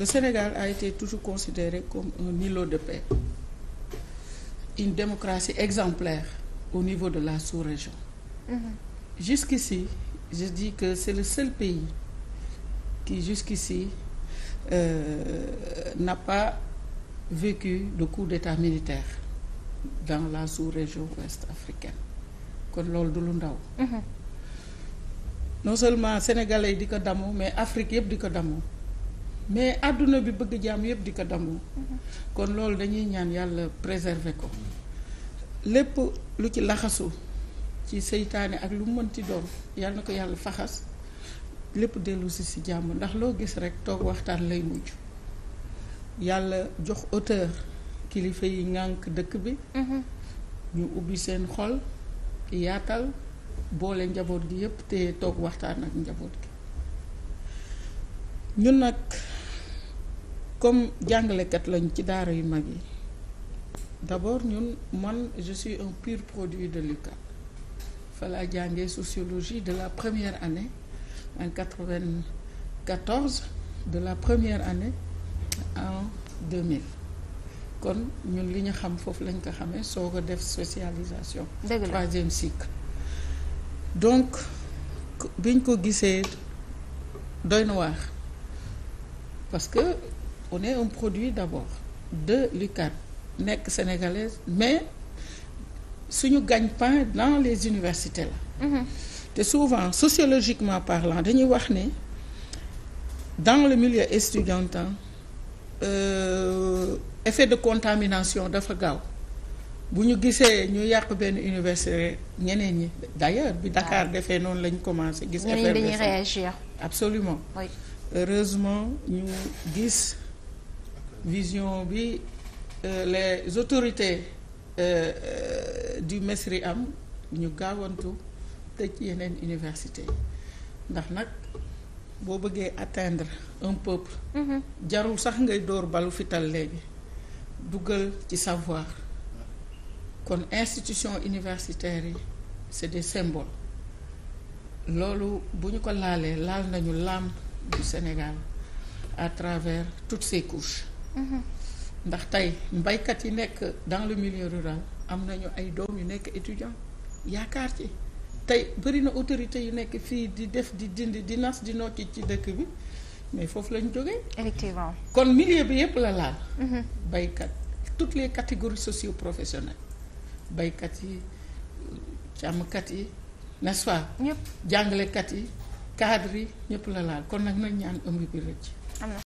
Le Sénégal a été toujours considéré comme un îlot de paix, une démocratie exemplaire au niveau de la sous-région. Mm-hmm. Jusqu'ici, je dis que c'est le seul pays qui, jusqu'ici, euh, n'a pas vécu de coup d'État militaire dans la sous-région ouest africaine. kon loolu du lu ndaw. Mm-hmm. non seulement sénégalais di ko damo mais Afrique yëpp di ko damoo. mais àdduna bi bëgg jàmm yëpp di ko dambu mhm. kon loolu dañuy ñaan yàlla préserver ko lépp lu ci laxasu ci seytaane ak lu mënti doon yàlla na ko yàlla faxas lépp dellu si si jàmm ndax loo gis rek toog waxtaan lay mujj yàlla jox auteur kilifa yi ŋànk dëkk bi mhm. ñu ubbi seen xol yaatal boole njaboot gi yépp te toog waxtaan ak njaboot gi ñun nag comme jàngalekat lañ ci daara yu mag yi d'abord ñun man je un pur produit de l'UCAD fa laa jàngee sociologie de la première année en 94 de la première année en 2000 kon ñun li ñu xam foofu lañ ko xamee soo ko def spécialisation troisième cycle donc biñ ko gisee doy na waar parce on est un produit d'abord de l'UCAD nekk sénégalaise mais suñu gagne-pain dans les universités la mhm. te souvent sociologiquement parlant dañuy wax ni dans le milieu étudiantin euh, effet de contamination dafa gaaw bu ñu gisee ñu yàq benn université ñeneen ñi d'ailleurs bi Dakar defee noonu lañu commencé gis effet dañuy réagir absolument oui. heureusement ñu gis vision bi euh, les autorités euh, euh, du Mesri am ñu gaawantu tëj yeneen université ndax nag boo bëggee atteindre un peuple mhm. jarul sax ngay dóor balu fital léegi duggal ci savoir kon institution universitaire yi c'est des symboles loolu bu ñu ko laalee laal nañu l'âme du Sénégal à travers toutes ses couches ndax tey mbaykat yi nekk dans le milieu rural am nañu ay doom yu nekk étudiant yaakaar ci tey bëri na autorités yu nekk fii di def di dindi di nas di nocci ci dëkk bi mais foofu lañ jógee. effectivement kon milieu bi yëpp la laal. Mhm. baykat toutes les catégories socio-professionnelles baykat yi càmmkat yi n'est-ce pas. ñëpp jàngalekat yi cadres yi ñëpp la laal kon nag nañ ñaan ëmb bi rëcc.